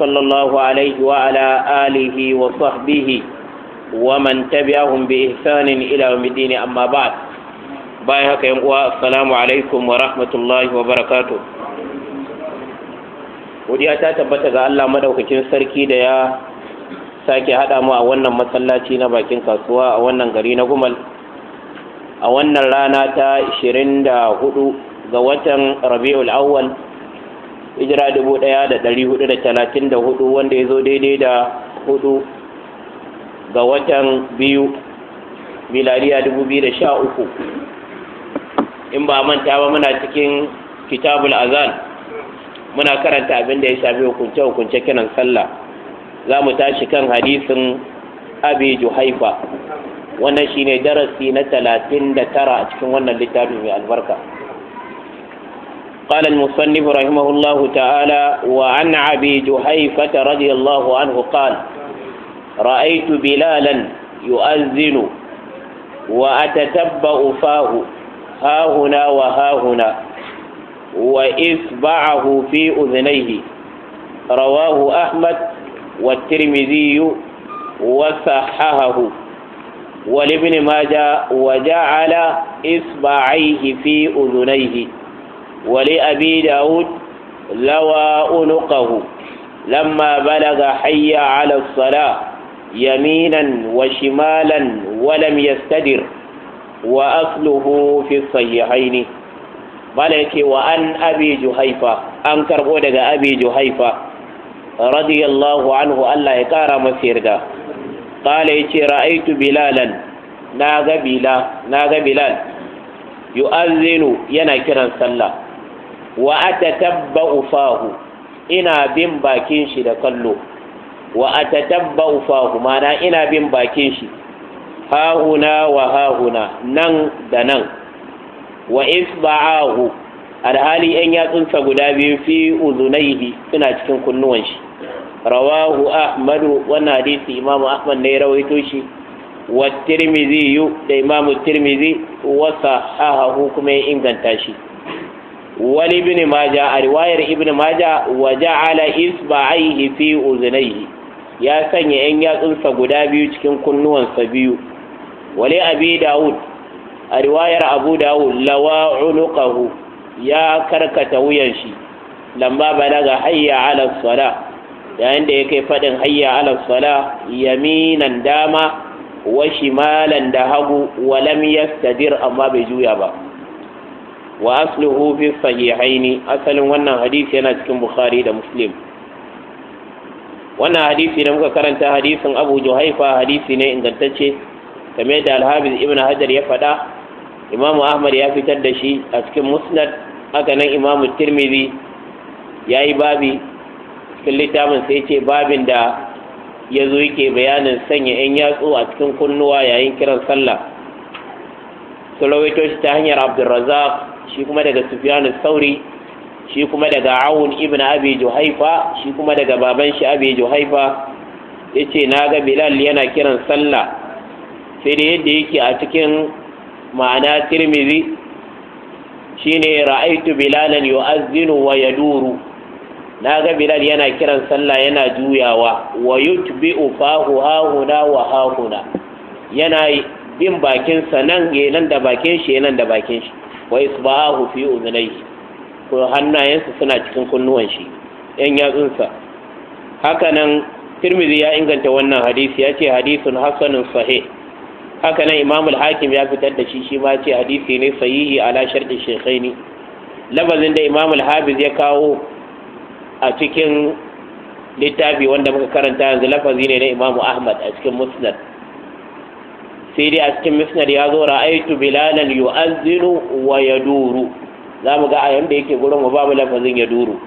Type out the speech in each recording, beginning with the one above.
صلى الله عليه وعلى آله وصحبه ومن تبعهم بإحسان إلى يوم الدين أما بعد بايهك ينقوى السلام عليكم ورحمة الله وبركاته godiya ta tabbata ga Allah maɗaukacin sarki da ya sake haɗa mu a wannan masallaci na bakin kasuwa a wannan gari na gumal a wannan rana ta huɗu ga watan rabi'ul awwal hijira dubu ɗaya da ɗari hudu da talatin da hudu wanda ya zo daidai da hudu ga watan biyu miladiya dubu biyu da sha uku in ba manta ba muna cikin kitabul azan muna karanta abin da ya shafi hukunce hukunce kiran sallah za mu tashi kan hadisin abi juhaifa wannan shine darasi na talatin da tara a cikin wannan littafin mai albarka قال المصنف رحمه الله تعالى وعن ابي جهيفه رضي الله عنه قال رأيت بلالا يؤذن وأتتبأ فاه ها هنا وها هنا وإصبعه في أذنيه رواه أحمد والترمذي وصححه ولابن ماجه وجعل إصبعيه في أذنيه ولأبي داود لوى أنقه لما بلغ حي على الصلاة يمينا وشمالا ولم يستدر وأصله في الصحيحين ملك وأن أبي جهيفة أنكر بودك أبي جهيفة رضي الله عنه ألا يكار مسير دا قال يتي رأيت بلالا ناغ بلال ناغ بلال يؤذن ينا كرا صلى wa tabba ufahu ina bin bakin shi da kallo wa tabba ufahu mana ina bin bakin shi hahuna wa hahuna nan da nan wa isba'ahu alhali yan yatsunsa guda biyu fi uzunaihi suna cikin kunnuwan shi rawahu ahmadu wannan hadisi imamu ahmad ne rawaito shi wa tirmidhi da imamu tirmidhi wa sahahahu kuma ya inganta shi wani ibn maja a riwayar ibn maja wa ja'ala isba'aihi fi uzunaihi ya sanya yan yatsunsa guda biyu cikin kunnuwansa biyu wale abi dawud a riwayar abu dawud lawa unuqahu ya karkata wuyan shi lamba balaga hayya ala sala yayin da ya kai fadin hayya ala sala yaminan dama wa shimalan da hagu wa lam yastadir amma bai juya ba wa asluhu fi sahihaini asalin wannan hadisi yana cikin bukhari da muslim wannan hadisi da muka karanta hadisin abu juhaifa hadisi ne ingantacce game da alhabiz ibn hajar ya faɗa imamu ahmad ya fitar da shi a cikin musnad haka nan imamu tirmidhi ya yi babi cikin littafin sai ce babin da ya zo yake bayanin sanya 'yan yatsu a cikin kunnuwa yayin kiran sallah su ta hanyar abdulrazak shi kuma daga sufyan sauri shi kuma daga awun ibn abi juhaifa shi kuma daga baban shi abi juhaifa na ga bilal yana kiran sallah sai da yadda yake a cikin ma'ana tirmizi shine ra'aitu bilalan yu'azzinu wa yaduru ga bilal yana kiran sallah yana juyawa wa yutbi'u fahu hahuna wa hahuna yana bin bakinsa sa nan da bakin shi nan da bakin shi wa isbahu fi uzunai. ko hannayensa suna cikin kunnuwan shi yan yatsunsa hakanan tirmidhi ya inganta wannan hadisi ya ce hadisun hasanun sahih hakanan imam al-hakim ya fitar da shi shi ma ce hadisi ne sahihi ala sharti shaykhaini labazin da imam al ya kawo a cikin littafi wanda muka karanta yanzu lafazi ne na imam ahmad a cikin musnad sai dai a cikin misnar ya zo ra'aitu bilalan yu'azzinu wa yaduru za mu ga a yanda yake gurin wa babu lafazin ya duru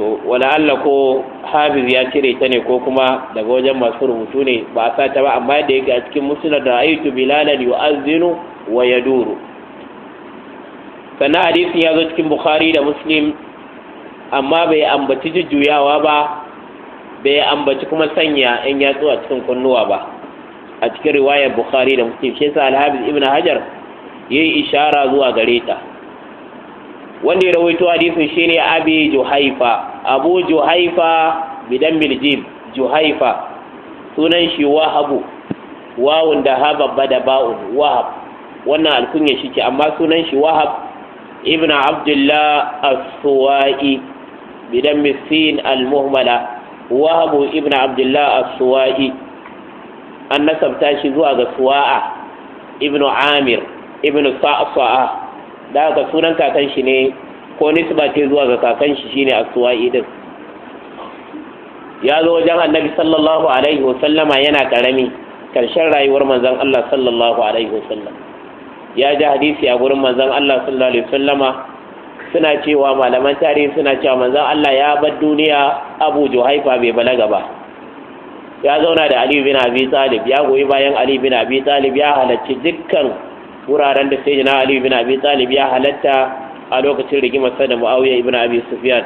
to wala Allah ko hafiz ya cire ta ne ko kuma daga wajen masu rubutu ne ba a sa ta ba amma da yake a cikin musnad ra'aitu bilalan yu'azzinu wa yaduru sannan hadisin ya zo cikin bukhari da muslim amma bai ambaci jujjuyawa ba bai ambaci kuma sanya in yatsu a cikin kunnuwa ba a cikin riwayar bukhari da muslim shi yasa alhabis ibn hajar yayi ishara zuwa gare ta wanda ya rawaito hadisin shine abi juhaifa abu juhaifa bidan biljim juhaifa sunan shi wahabu wawun da hababba da ba'un wahab wannan alkunya shi ke amma sunan shi wahab ibn abdullah as-suwa'i bidan misin al-muhmala wahabu ibn abdullah as-suwa'i an nasabta shi zuwa ga suwa'a Ibn amir Ibn sa'sa'a da aka sunan kakan shi ne ko nisba ce zuwa ga kakan shi shine as-suwa'i din ya zo wajen annabi sallallahu alaihi wasallama yana karami karshen rayuwar manzon Allah sallallahu alaihi wasallam ya ji hadisi a gurin manzon Allah sallallahu alaihi wasallama suna cewa malaman tarihi suna cewa manzon Allah ya bar duniya Abu Juhaifa bai balaga ba ya zauna da Ali bin Abi Talib ya goyi bayan Ali bin Abi Talib ya halarci dukkan wuraren da sai na Ali bin Abi Talib ya halatta a lokacin rigimarsa da Muawiya ibn Abi Sufyan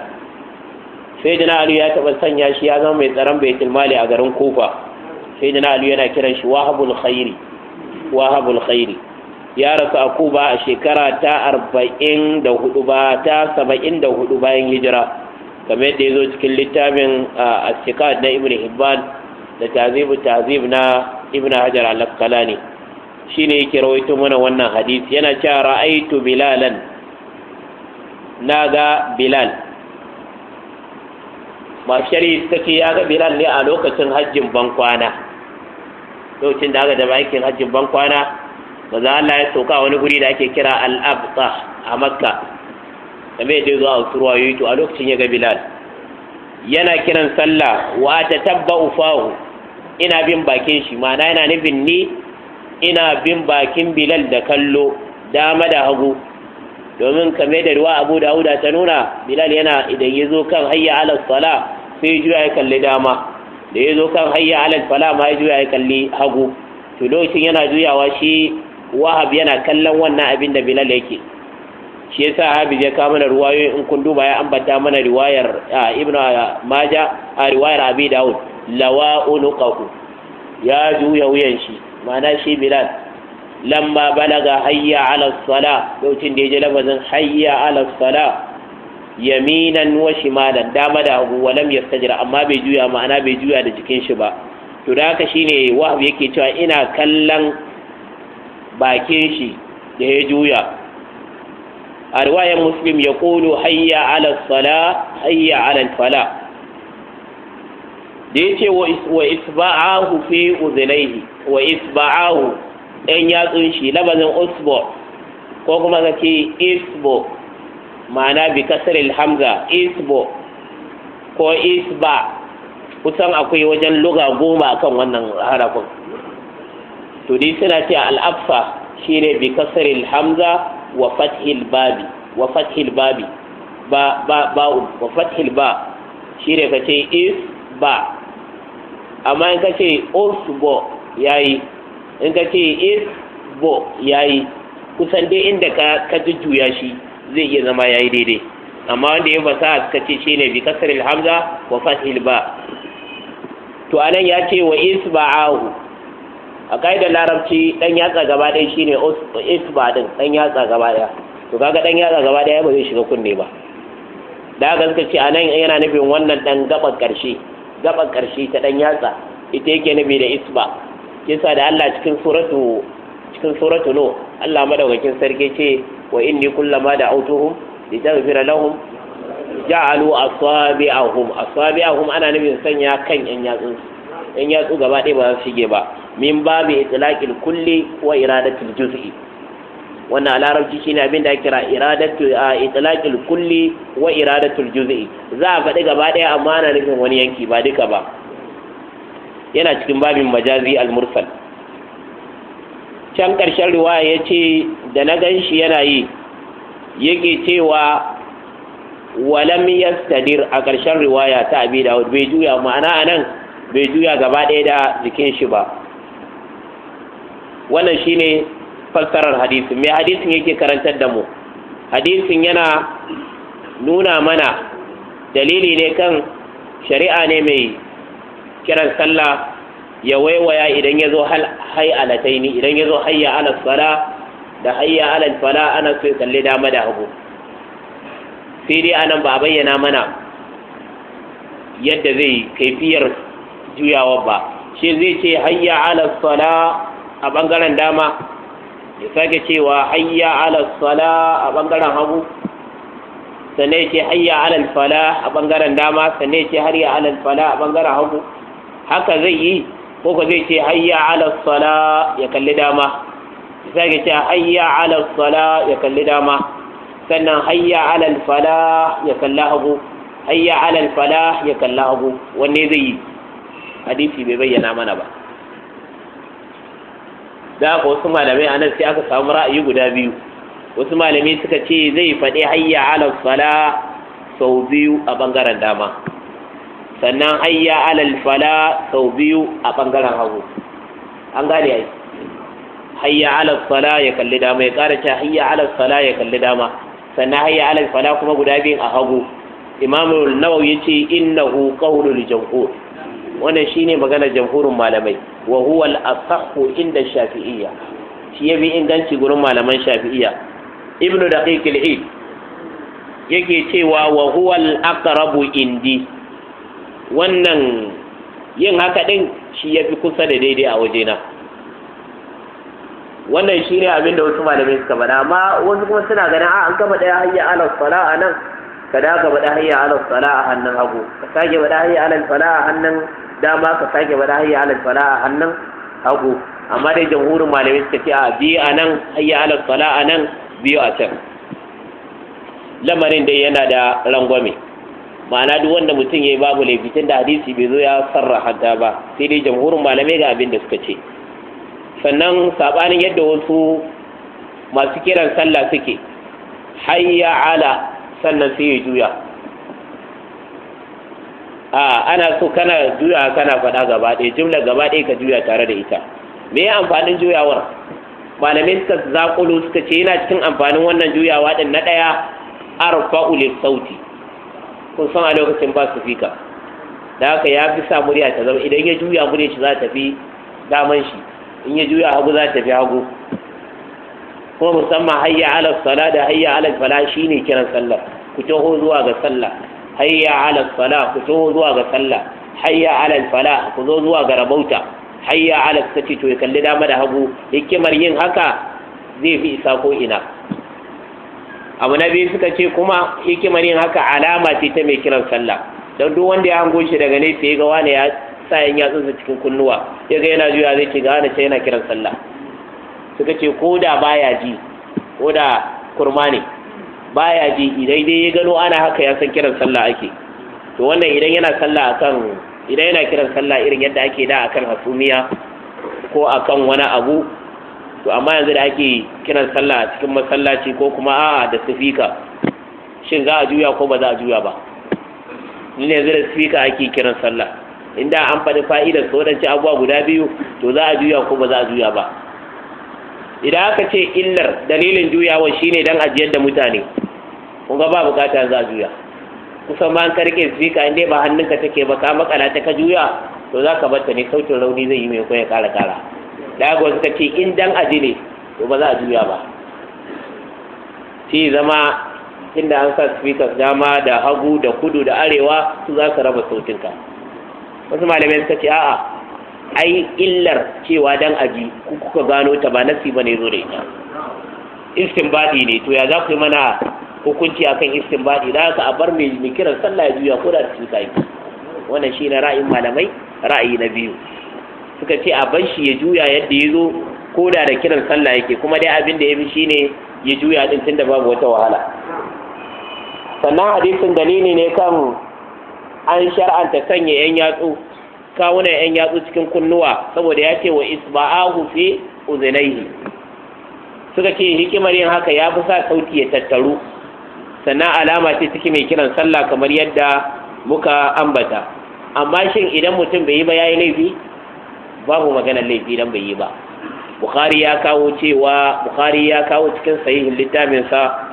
sai na Ali ya taɓa sanya shi ya zama mai tsaron Baitul Mali a garin Kufa sai na Ali yana kiran shi Wahabul Khairi Wahabul Khairi ya rasu a Kuba a shekara ta arba'in da hudu ba ta saba'in da hudu bayan hijira kamar yadda ya zo cikin littafin a na Ibn Hibban da tazibu tazib na ibn hajar al-asqalani shine yake rawaito mana wannan hadisi yana cewa ra'aitu bilalan naga bilal mashari suka ce ya ga bilal ne a lokacin hajjin bankwana lokacin da aka da aikin hajjin bankwana maza Allah ya sauka wani guri da ake kira al a makka mai da zuwa a yi to a lokacin ya ga bilal yana kiran sallah wa ta tabba ufahu ina bin bakin shi ma'ana yana nufin ni ina bin bakin bilal da kallo dama da hagu domin kame da ruwa abu da huda ta nuna bilal yana idan ya zo kan hayya ala sala sai juya ya kalli dama da ya zo kan hayya ala fala ma ya juya ya kalli hagu to lokacin yana juyawa shi wahab yana kallon wannan abin da bilal yake shi yasa hafiz ya kawo mana ruwayoyi in kun duba ya ambata mana riwayar ibn maja a riwayar abi daud lawa unuqahu ya juya wuyan shi ma'ana shi bilal lamma balaga hayya ala sala lokacin da ya ji lafazin hayya ala sala yaminan wa shimalan dama da hagu wa lam yastajira amma bai juya ma'ana bai juya da jikin shi ba to da haka shine wahab yake cewa ina kallon bakin shi da ya juya a muslim ya kulu hayya ala sala hayya ala fala da ya ce wa isba'ahu fi uzinaihi wa isba'ahu ɗan yatsun shi labarin usbo ko kuma ka ce isbo ma'ana bi kasar ilhamza isbo ko isba kusan akwai wajen luga goma kan wannan harafin to dai suna ce shi ne bi kasar ilhamza wa fathil babi wa fathil babi ba ba ba wa fathil ba ne ka ce is ba amma in ka ce osbo ya yi in ka ce isbo ya yi kusan dai inda ka ka jujjuya shi zai iya zama ya yi daidai amma wanda ya fasa ka ce shi ne bi kasar hamza wa fathil ba to anan ya ce wa isba'ahu a ka'idar larabci dan yatsa gaba ɗaya shine isba din dan yatsa gaba ɗaya to kaga dan yatsa gaba ɗaya ba zai shiga kunne ba da haka suka ce anan yana nufin wannan dan gaba ƙarshe gaban ƙarshe ta ɗan yatsa ita yake nabi da isba kisa da Allah cikin suratu cikin suratu no Allah madaukakin sarki ce wa inni kullama da autuhum litaghfira lahum ja'alu asabi'ahum asabi'ahum ana nufin sanya kan yan yatsu yan yatsu gaba ɗaya ba su shige ba min babu itlaqil kulli wa iradatul juz'i wannan a larabci ne abin da kira iradatu a itlaqil kulli wa iradatul juz'i za a faɗi gaba ɗaya amma ana nufin wani yanki ba duka ba yana cikin babin majazi al-mursal can ƙarshen riwaya ya ce da na gan shi yana yi yake cewa walam yastadir a ƙarshen riwaya ta abi da bai juya ma'ana a nan bai juya gaba ɗaya da jikin shi ba wannan shine fassarar hadisin me hadisin yake karantar da mu hadisin yana nuna mana dalili ne kan shari'a ne mai kiran sallah ya waiwaya idan ya zo hayalataini idan ya zo hayya ala sala da hayya ala fala ana so ya dama da hagu sai dai anan ba bayyana mana yadda zai kaifiyar juyawa ba shi zai ce hayya ala sala a bangaren dama ya sake cewa hayya ala sala a bangaren hagu sannan yace hayya ala fala a bangaren dama sannan yace hayya ala fala a bangaren hagu haka zai yi ko ko zai ce hayya ala sala ya kalli dama ya sake cewa hayya ala sala ya kalli dama sannan hayya ala fala ya kalli hagu hayya ala fala ya kalli hagu wanne zai yi hadisi bai bayyana mana ba da haka wasu malamai a nan sai aka samu ra'ayi guda biyu wasu malamai suka ce zai faɗi hayya alal fala sau biyu a ɓangaren dama sannan hayya alal fala sau biyu a ɓangaren hagu an gane ai hayya alal fala ya kalli dama ya ƙara cewa hayya alal fala ya kalli dama sannan hayya alal fala kuma guda biyu a hagu imamu nawawi ya ce innahu qawlul jamhur wannan shine maganar jamhurin malamai wa huwa al-asahhu inda shafi'iyya shi ya bi inganci gurin malaman shafi'iyya ibnu daqiq al-eid yake cewa wa huwa al aqrab indi wannan yin haka din shi ya fi kusa da daidai a wajena wannan shi ne abin da wasu malamai suka faɗa amma wasu kuma suna ganin a an gama ɗaya hayya ala sala a nan ka daga ka faɗa hayya ala sala a hannun hagu ka sake faɗa hayya ala sala a hannun dama ka sake bada hayya ala fala a hannun hagu amma dai jamhurin malamai suka ce a biyu a nan hayya ala fala a nan biyu a can lamarin dai yana da rangwame ma'ana duk wanda mutum ya yi babu laifitin da hadisi bai zo ya sarraha ta ba sai dai jamhurin malamai ga abin da suka ce sannan sabanin yadda wasu masu kiran sallah suke hayya ala sannan sai ya juya a ana so kana juya kana faɗa gaba ɗaya jumla gaba ɗaya ka juya tare da ita me ya amfanin juyawar malamai suka zaƙulu suka ce yana cikin amfanin wannan juyawa ɗin na ɗaya arfa'u sauti kun san a lokacin ba su fika da haka ya fi sa murya ta zama idan ya juya murya shi za ta fi daman shi in ya juya hagu za ta fi hagu kuma musamman hayya ala sala da hayya ala fala shine kiran sallah ku taho zuwa ga sallah hayya ala fala ku taho zuwa ga sallah hayya ala fala ku zo zuwa ga rabauta hayya ala sati to ya kalli dama da hagu hikimar yin haka zai fi isa ko ina abu na biyu suka ce kuma hikimar yin haka alama ce ta mai kiran sallah don duk wanda ya hango shi daga nesa ya ga wani ya sa yan sa cikin kunnuwa ya ga yana juya zai ce ga wani sai yana kiran sallah suka ce ko da baya ji ko da kurma ne baya ji idan dai ya gano ana haka ya san kiran sallah ake to wannan idan yana sallah akan idan yana kiran sallah irin yadda ake da akan hasumiya ko akan wani abu to amma yanzu da ake kiran sallah a cikin masallaci ko kuma a'a da sifika shin za a juya ko ba za a juya ba ni ne yanzu da sifika ake kiran sallah inda an faɗi fa'idar su wadanci abubuwa guda biyu to za a juya ko ba za a juya ba idan aka ce illar dalilin juyawan shine dan ajiyar da mutane kun ga ba bukata za juya kusan ba an karke fika inda ba hannunka take ba ka makala ta ka juya to za ka bata ne sautin rauni zai yi mai koya kara kara da ga suka ce in dan aji ne to ba za a juya ba shi zama inda an sa speakers dama da hagu da kudu da arewa su za su raba sautinka wasu malamai suka ce a'a ai illar cewa dan aji ku kuka gano ta ba nasi bane zo da ita istinbadi ne to ya za ku yi mana hukunci akan istinbadi da aka a bar mai kiran sallah ya juya ko da cikin sai wannan shi ne ra'ayin malamai ra'ayi na biyu suka ce a bar shi ya juya yadda ya zo ko da da kiran sallah yake kuma dai abin da ya bi shine ya juya din tunda babu wata wahala sannan hadisin dalili ne kan an shar'anta sanya yan yatsu kawunan yan yatsu cikin kunnuwa saboda ya ce wa isba'ahu fi uzinaihi suka ce hikimar yin haka ya fi sa sauti ya tattaru sannan alama ce ciki mai kiran sallah kamar yadda muka ambata amma shin idan mutum bai yi ba yayi laifi babu maganar laifi idan bai yi ba bukhari ya kawo cewa bukhari ya kawo cikin sahihin littafinsa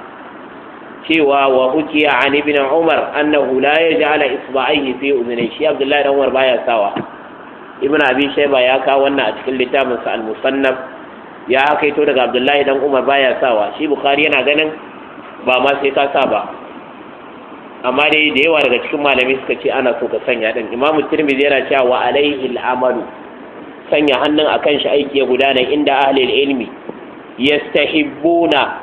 cewa wa a an ibn umar annahu la yaj'ala isba'aihi fi udunai shi abdullahi dan umar baya sawa ibn abi shayba ya kawo wannan a cikin littafin sa al-musannaf ya kaito daga abdullahi dan umar baya sawa shi bukhari yana ganin ba ma sai ka sa ba amma dai da yawa daga cikin malami suka ce ana so ka sanya din imamu tirmidhi yana cewa wa alaihi al-amalu sanya hannun akan shi aiki ya gudana inda ahli ilmi yastahibuna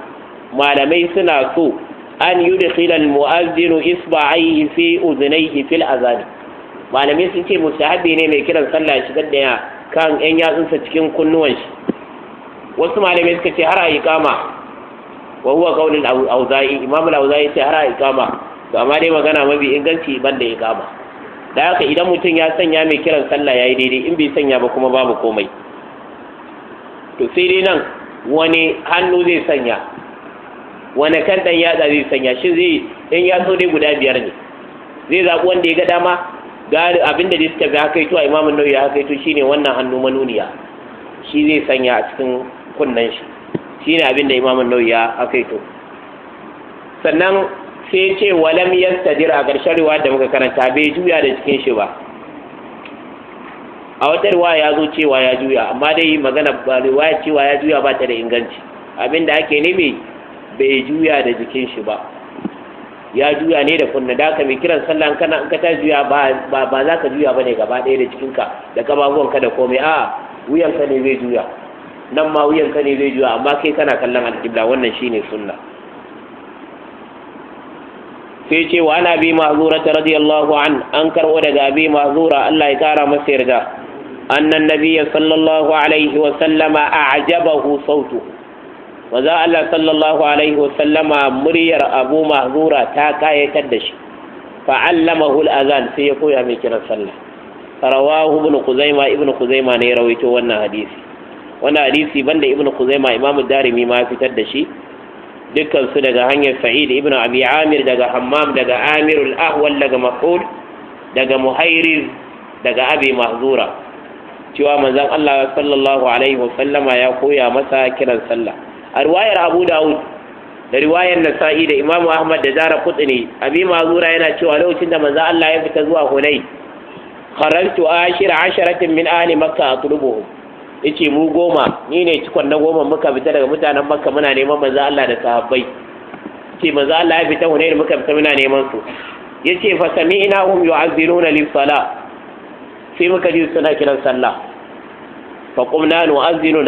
malamai suna so an yudkhila al-mu'adhdhin isba'ihi fi udhnayhi fil azan malamai sun ce mustahabi ne mai kiran sallah shigar da kan yan yatsunsa cikin kunnuwan shi wasu malamai suka ce har a iqama wa huwa qaulul auza'i imam al-auza'i ce har a iqama to amma dai magana mabi inganci ban da iqama da haka idan mutum ya sanya mai kiran sallah ya yi daidai in bai sanya ba kuma babu komai to sai dai nan wani hannu zai sanya wani kan ɗan yatsa zai sanya shi zai in ya so dai guda biyar ne zai zaɓi wanda ya ga dama ga abin da suka ga haka ito a imamun nau'i haka ito shine wannan hannu manuniya shi zai sanya a cikin kunnen shi Shi ne abin da imamun nau'i ya haka ito sannan sai ce walam yastadir a ƙarshen riwaya da muka karanta bai juya da cikin shi ba a wata ruwa ya zo cewa ya juya amma dai magana ba riwaya cewa ya juya ba ta da inganci abin da ake nemi bai juya da jikin shi ba ya juya ne da kunna da ka mai kiran sallah kana in ka ta juya ba ba za ka juya bane gaba ɗaya da jikinka da ka da komai a wuyanka ne zai juya nan ma wuyanka ne zai juya amma kai kana kallon alƙibla wannan shine sunna sai ce wa ana bi mazura ta radiyallahu an an karɓo daga bi mazura Allah ya kara masa yarda annan nabiyya sallallahu alaihi wa sallama a'jabahu sautuhu manzon Allah sallallahu alaihi wasallama muryar Abu Mahzura ta kayatar da shi fa'allamahu al-azan sai ya koya mai kiran sallah rawahu ibn Kuzaima ibn Kuzaima ne ya rawaito wannan hadisi wannan hadisi banda ibn Kuzaima Imam Darimi ma fitar da shi dukansu daga hanyar Sa'id ibn Abi Amir daga Hammam daga Amirul Ahwal daga Maf'ul daga Muhairiz daga Abi Mahzura cewa manzon Allah sallallahu alaihi wasallama ya koya masa kiran sallah a riwayar abu dawud da riwayar nasa'i da imamu ahmad da zara kutsini abi mazura yana cewa lokacin da manzo Allah ya fita zuwa hunai kharajtu ashira asharatin min ahli makka Ya yace mu goma ni ne cikon na goma muka fita daga mutanen makka muna neman manzo Allah da sahabbai ce manzo Allah ya fita hunai muka fita muna neman su yace fa sami'na hum yu'azziruna lis sala sai muka ji suna kiran sallah fa sa nu'azzinu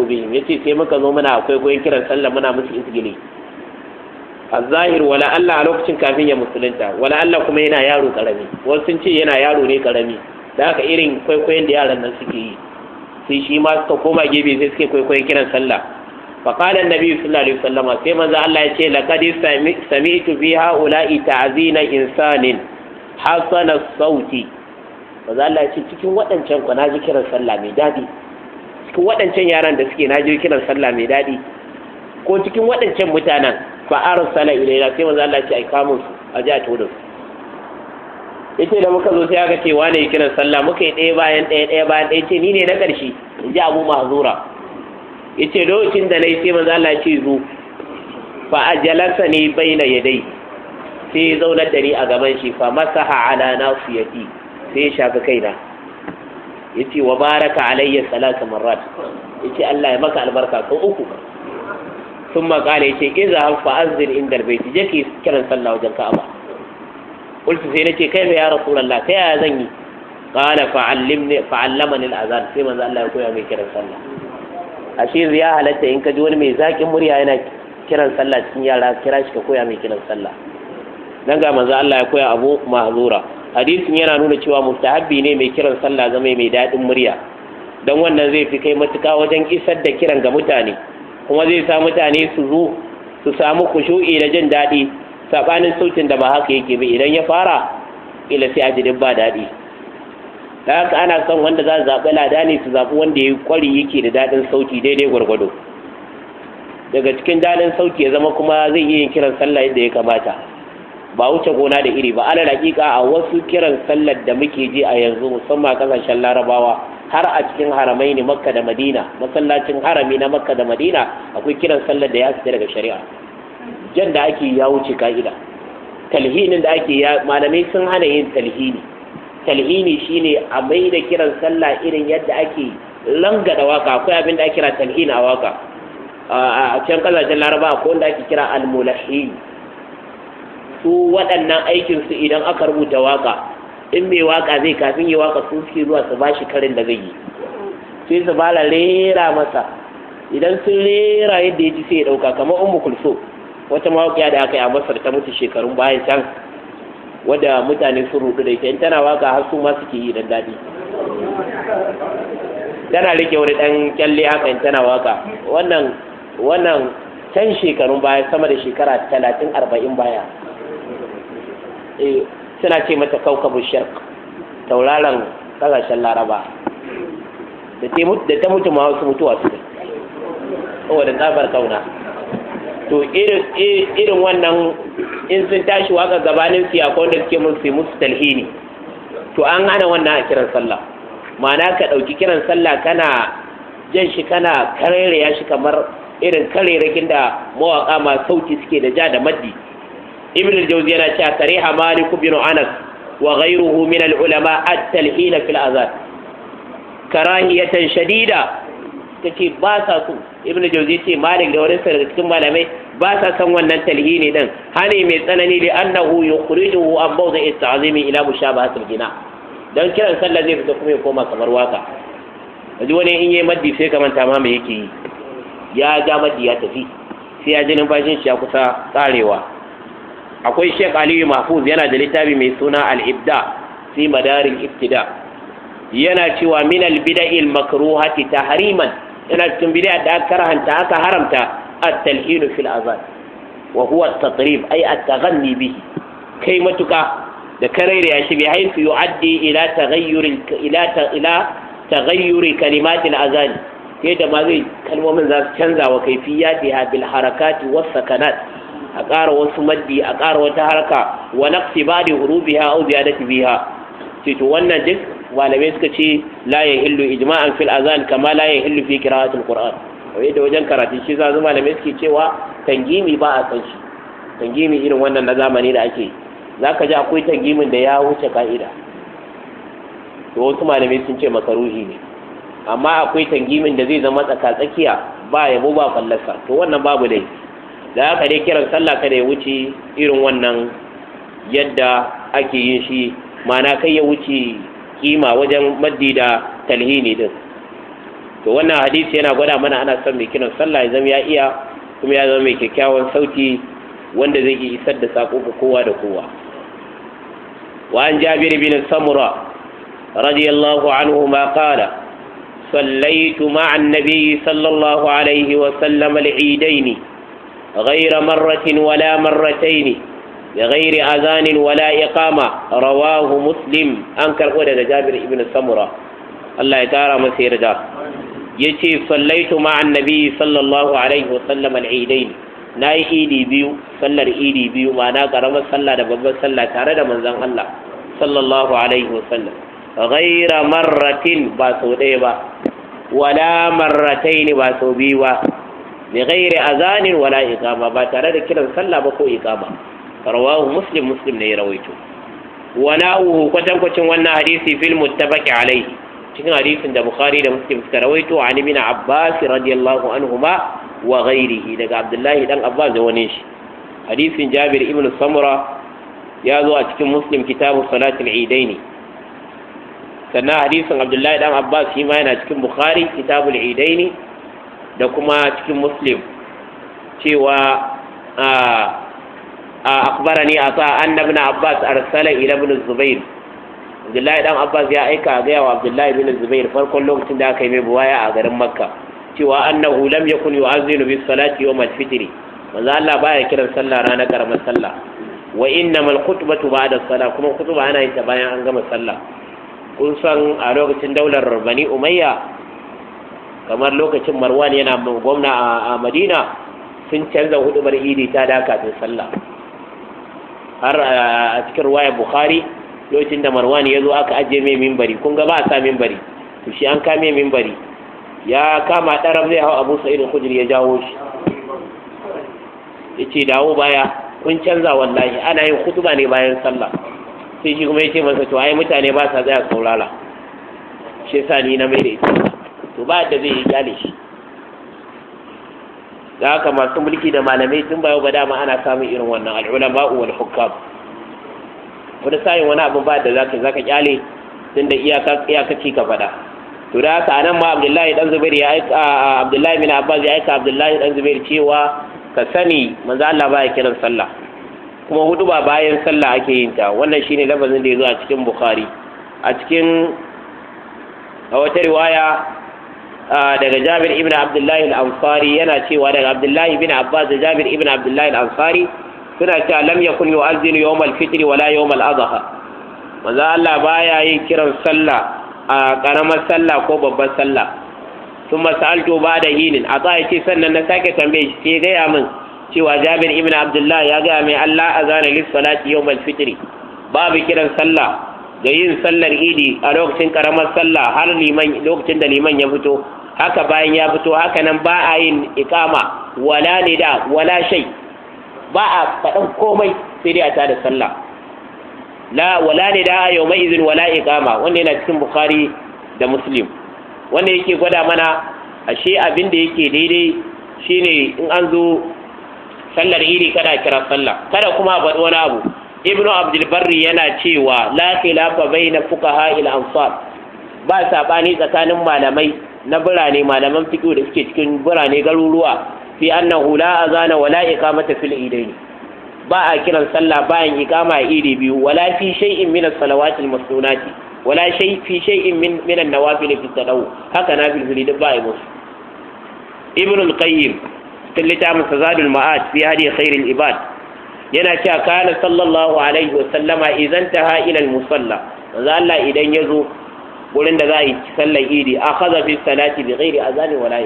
ubi Ya ce sai muka zo muna akwai goyon kiran sallah muna musu izgili zahir wala Allah a lokacin kafin ya musulunta wala Allah kuma yana yaro karami wasu sun ce yana yaro ne karami da haka irin kwaikwayon da yaran nan suke yi sai shi ma suka koma gefe sai suke kwaikwayon kiran sallah fa qala annabi sallallahu alaihi wasallam sai maza Allah ya ce laqad sami'tu fi ha'ula'i ta'zina insanin hasana sauti maza Allah ce cikin waɗancan ku na ji kiran sallah mai daɗi cikin waɗancan yaran da suke na ji kiran sallah mai daɗi ko cikin waɗancan mutanen fa arsala ilayna sai maza Allah ce ai kamo su a ji a tudu su yace da muka zo sai aka ce wane kiran sallah muka yi ɗaya bayan ɗaya ɗaya bayan ɗaya ce ni ne na ƙarshe in ji Abu Mahzura yace lokacin da nayi sai maza Allah ce zo fa ajalasa ni baina yadai sai zaunar da ni a gaban shi fa masaha ala nasiyati sai ya shafi kaina ya ce wa baraka alayya Salatu marrat ya ce Allah ya maka albarka sau uku sun makala ya ce iza hafa fa'azin inda albaiti je jake kiran sallah wajen ka'aba ulti sai na ce kai mai ya rasulallah ta yaya zan yi kala fa'allamani al'azan sai manzo Allah ya koya mai kiran sallah ashe ya halatta in ka ji wani mai zaƙin murya yana kiran sallah cikin yara kira shi ka koya mai kiran sallah dan ga manzo Allah ya koya abu mahzura hadisin yana nuna cewa mustahabbi ne mai kiran sallah zama mai daɗin murya don wannan zai fi kai matuka wajen isar da kiran ga mutane kuma zai sa mutane su zo su samu kushu'i da jin daɗi saɓanin sautin da ba haka yake ba idan ya fara ila sai ji ba daɗi da haka ana son wanda za su zaɓi lada ne su zaɓi wanda ya kwari yake da daɗin sauti daidai gwargwado daga cikin daɗin sauti ya zama kuma zai iya yin kiran sallah yadda ya kamata ba wuce gona da iri ba alal hakika a wasu kiran sallar da muke ji a yanzu musamman a kasashen larabawa har a cikin haramai ne makka da madina masallacin harami na makka da madina akwai kiran sallar da ya fita daga shari'a jan da ake ya wuce ka'ida talhinin da ake ya malamai sun hana yin talhini talhini shine a mai da kiran sallah irin yadda ake langa da waka akwai abin da ake kira talhini a waka a can kasashen larabawa ko wanda ake kira almulahin su waɗannan aikinsu idan aka rubuta waƙa, in mai waƙa zai kafin yi waƙa su suke zuwa su bashi karin da zai yi sai su bala rera masa idan sun rera yadda ya ji sai ya ɗauka kamar ummu kulso wata mawaƙiya da aka yi a masar ta mutu shekarun bayan can wadda mutane sun rudu da ita in tana waƙa har su ma suke yi dan daɗi tana rike wani ɗan kyalle haka in tana waƙa, wannan wannan can shekarun baya sama da shekara talatin arba'in baya Eh, suna ce mata kaukabu shirk tauraron kasashen laraba da ta mutu ma wasu mutuwa su da saboda tsabar kauna to irin wannan in sun tashi waka gabanin su ko da suke musu su musu talhini to an hana wannan a kiran sallah ma'ana ka ɗauki kiran sallah kana jan shi kana karere ya shi kamar irin karerakin da mawaƙa masu sauti suke da ja da maddi ibn al-jawzi yana cewa sariha malik ibn anas wa ghayruhu min al-ulama at-talhin fil azan karahiyatan shadida tace ba sa so ibn jawzi ce malik da wurin sa daga cikin malamai ba sa san wannan talhini din hane mai tsanani li annahu yukhrijuhu an bawda istazimi ila mushabahat al-gina dan kiran sallah zai fita kuma ya koma kamar waka yanzu wani in yayi maddi sai kamar ta ma yake yi ya ga maddi ya tafi sai ya ji numfashin shi ya kusa tsarewa akwai Sheik Aliyu Mahfuz yana da littafi mai suna Al-Ibda fi madarin ibtida yana cewa min al-bida'i al-makruhati tahriman yana cikin bid'a da karhanta aka haramta at-talhin fil azan wa huwa at-tatrib ay at-taghanni bihi kai matuka da karere ya shi bi haifu yu'addi ila taghayyur ila ila taghayyur kalimat al-azan yadda ma zai kalmomin za su canza wa kaifiyatiha bil harakati was sakanat a ƙara wasu maddi a ƙara wata harka wa naqsi ba'di hurufiha aw ziyadati biha ce to wannan duk malamai suka ce la Ijima ijma'an fil azan kama la hillu fi ƙur'an. qur'an wai da wajen karatun shi za malamai suke cewa tangimi ba a san shi tangimi irin wannan na zamani da ake zaka ji akwai tangimin da ya wuce ka'ida to wasu malamai sun ce makaruhi ne amma akwai tangimin da zai zama tsaka tsakiya ba yabo ba fallasa to wannan babu laifi da ka dai kiran sallah ka kada ya wuce irin wannan yadda ake yin shi mana kai ya wuce kima wajen maddi da talhini din to wannan hadisi yana gwada mana ana son mai kiran sallah ya zama ya iya kuma ya zama mai kyakkyawan sauti wanda zai yi isar da sako ga kowa da kowa Wa وعن bin bin Samura, radiyallahu anhu عنهما قال صليت مع النبي صلى الله عليه وسلم العيدين غير مرة ولا مرتين بغير أذان ولا إقامة رواه مسلم أنكر ودد جابر بن سمرة الله يتعالى مسير دا يتي صليت مع النبي صلى الله عليه وسلم العيدين na yi idi biyu sallar idi biyu ma'ana karamar sallah da babbar sallah tare da manzon Allah sallallahu alaihi wasallam ghaira marratin ba sau ɗaya ba wala marratain ba sau biyu ba bi ghairi azanin wala iqama ba tare da kiran sallah ba ko iqama rawahu muslim muslim ne ya rawaito wala uhu kwatankwacin wannan hadisi fil muttafaqi alaihi cikin hadisin da bukhari da muslim suka rawaito an ibn abbas radiyallahu anhuma wa ghairihi daga abdullahi dan abbas da wani shi hadisin jabir ibn samura ya zo a cikin muslim kitabu salatul idaini sannan hadisin abdullahi dan abbas shi yana cikin bukhari kitabul da kuma cikin muslim cewa a ne a sa na abbas arsala ila ibn zubair abdullahi dan abbas ya aika a gaya wa abdullahi bin zubair farkon lokacin da aka yi mai buwaya a garin makka cewa annahu lam yakun yu'azzinu bis salati yawm al-fitr manzo Allah baya kiran sallah ranar karamar sallah wa ba khutbatu ba'da salah kuma khutba ana yin ta bayan an gama sallah kun san a lokacin daular bani umayya kamar lokacin marwan yana gwamna a madina sun canza hudubar idi ta da kafin sallah har a cikin ruwayar bukhari lokacin da marwan ya zo aka ajiye mai mimbari kun ga a sa mimbari to shi an kame mimbari ya kama ɗarar zai hau abu sa'idin kujir ya jawo shi ya ce dawo baya kun canza wallahi ana yin hutuba ne bayan sallah sai shi kuma ya ce masa to ai mutane ba sa tsaya saurara shi sa ni na mai da ita to ba yadda zai yi kyale shi da haka masu mulki da malamai tun bayo ba dama ana samun irin wannan al'ulama wal hukam wani sayin wani abin ba da ka zaka kyale tun da iyaka ka faɗa to da haka anan ma Abdullahi dan Zubairu ya aika Abdullahi bin Abbas ya aika Abdullahi dan Zubairu cewa ka sani manzo Allah baya kiran sallah kuma hudu ba bayan sallah ake yin ta wannan shine lafazin da ya zo a cikin Bukhari a cikin a wata riwaya daga Jabir ibn Abdullahi al-Ansari yana cewa daga Abdullahi ibn Abbas da Jabir ibn Abdullahi al-Ansari suna cewa lam yakun yu'azzinu yawm al-fitr wala yawm al-adha manzo Allah baya yin kiran sallah a karamar sallah ko babbar sallah sun ba ثم A بعد ce sannan na sake tambaye shi شيء gaya min cewa Jabir ibn Abdullahi ya gaya mai Allah azana lis salati Yomal fitr babu kiran sallah ga yin sallar idi a lokacin karamar sallah har lokacin da liman ya fito haka bayan ya fito haka nan ba a yin ikama wala ne da wala shai ba a faɗin komai sai dai a tada sallah la wala da yau mai izin wala ikama wanda yana cikin bukari da muslim wanda yake gwada mana ashe abin da yake daidai shine in an zo sallar iri kada kira sallah kada kuma a wani abu ibnu abdul yana cewa la khilafa baina fuqaha il ansar ba saɓani tsakanin malamai na birane malaman fiqh da suke cikin birane garuruwa fi annahu la azana wala iqamata fil idaini ba a kiran sallah bayan iqama a iri biyu wala fi shay'in min as-salawati al-masnunati wala shay fi shay'in min min an-nawafil fi tadawu haka na bil zuri da ba ai musu ibn al-qayyim tillita mutazadul ma'ad fi hadi khairil ibad yana cewa kana sallallahu alaihi sallama idan taha ila musalla manzo Allah idan ya zo wurin da za a yi sallar idi a haza fi salati bi ghairi azani wala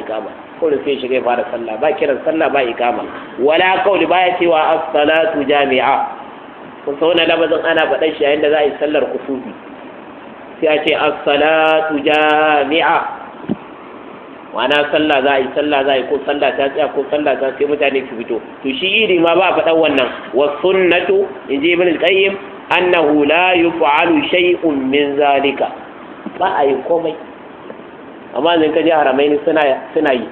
ko da sai shiga fara sallah ba kiran sallah ba ikama wala qawli baya cewa as-salatu jami'a kun sauna labazin ana faɗan shi yayin da za a yi sallar kusufi sai a ce as-salatu jami'a wana sallah za a yi sallah za a yi ko sallah ta tsaya ko sallah ta sai mutane su fito to shi idi ma ba faɗan wannan wa sunnatu in ibn al-qayyim annahu la yuf'alu shay'un min zalika ba a yi komai amma yanzu ka je haramai ne suna yi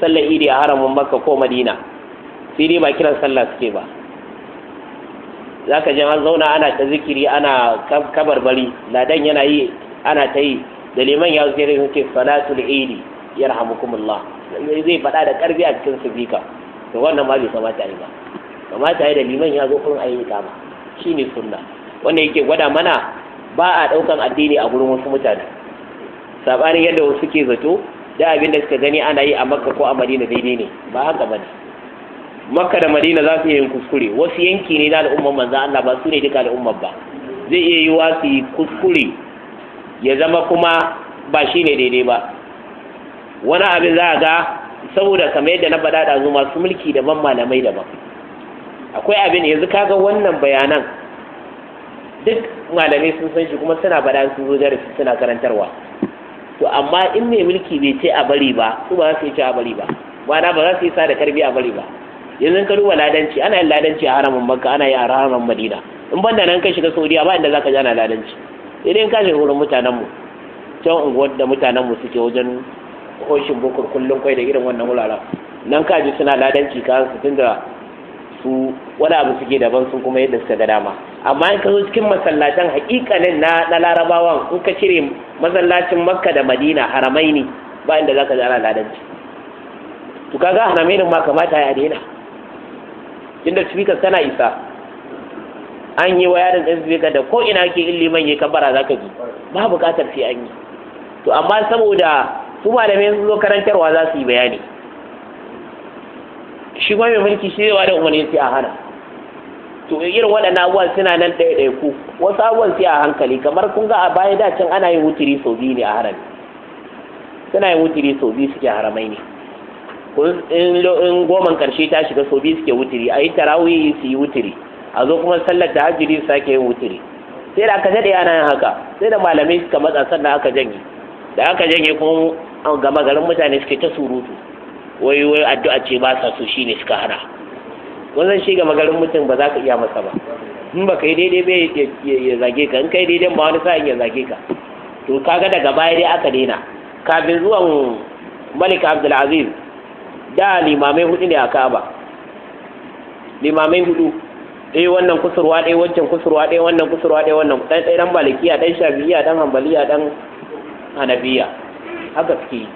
sallar idi a haramun makka ko madina sai dai ba kiran sallah suke ba za ka je an zauna ana ta zikiri ana kabarbari ladan yana yi ana ta yi da liman ya zuke rikin ce salatul idi yarhamukumullah zai faɗa da ƙarfi a cikin sifika to wannan ma bai kamata yi ba kamata yi da liman ya zo kun ba, shi ne sunna wanda yake gwada mana ba a ɗaukan addini a gurin wasu mutane sabanin yadda wasu ke zato da abin da suka gani ana yi a makka ko a madina daidai ne ba haka ba ne makka da madina za su yi kuskure wasu yanki ne na al'ummar manzan allah ba su ne duka al'ummar ba zai iya yi su yi kuskure ya zama kuma ba shi ne daidai ba wani abin za a ga saboda kamar yadda na faɗa zuma masu mulki daban malamai daban akwai abin yanzu kaga wannan bayanan duk malamai sun san shi kuma suna da sun zo darasi suna karantarwa to amma in mai mulki bai ce a bari ba su ba za su yi ce a bari ba wana ba za su yi sa da karbi a bari ba yanzu ka duba ladanci ana yin ladanci a haramin makka ana yi a haramin madina in banda nan ka shiga saudiya ba inda za ka jana ladanci idan ka shiga wurin mutanenmu can unguwar da mutanenmu suke wajen hoshin bukur kullum kwai da irin wannan wuraren nan ka ji suna ladanci ka su tunda su wani abu suke daban sun kuma yadda suka ga dama amma in ka zo cikin masallatan hakikanin na na larabawan in ka cire masallacin makka da madina haramai ne ba inda za ka zara ladanci to kaga haramainin ma kamata ya daina inda speakers tana isa an yi wa yaron ɗan speaker da ko ina ke illiman ya kabara za ka ji ba buƙatar sai an yi to amma saboda su malamai sun zo karantarwa za su yi bayani shi ma mai mulki shi zai ba da umarni sai a hana to irin waɗannan abubuwan suna nan ɗaya-ɗaya ku. wasu abubuwan sai a hankali kamar kun ga a baya da can ana yin wuturi sau biyu ne a harami suna yin wuturi sau biyu suke haramai ne in goman ƙarshe ta shiga sau biyu suke wuturi. a yi tarawih su yi wuturi, a zo kuma sallar da hajjiri su sake yin wuturi. sai da aka daɗe ana yin haka sai da malamai suka matsa sannan aka janye da aka janye kuma gama garin mutane suke ta surutu wai wai addu'a ce ba sa so shine suka hana wannan shi ga magarin mutum ba za ka iya masa ba in ba kai daidai bai ya zage ka in kai daidai ba wani sa'in ya zage ka to kaga daga baya dai aka daina kafin zuwan malik abdulaziz da limamai hudu ne a ka'aba limamai hudu ɗaya wannan kusurwa ɗaya wancan kusurwa ɗaya wannan kusurwa ɗaya wannan ɗan ɗan malikiya ɗan shafi'iya ɗan hanbaliya ɗan hanabiya haka suke yi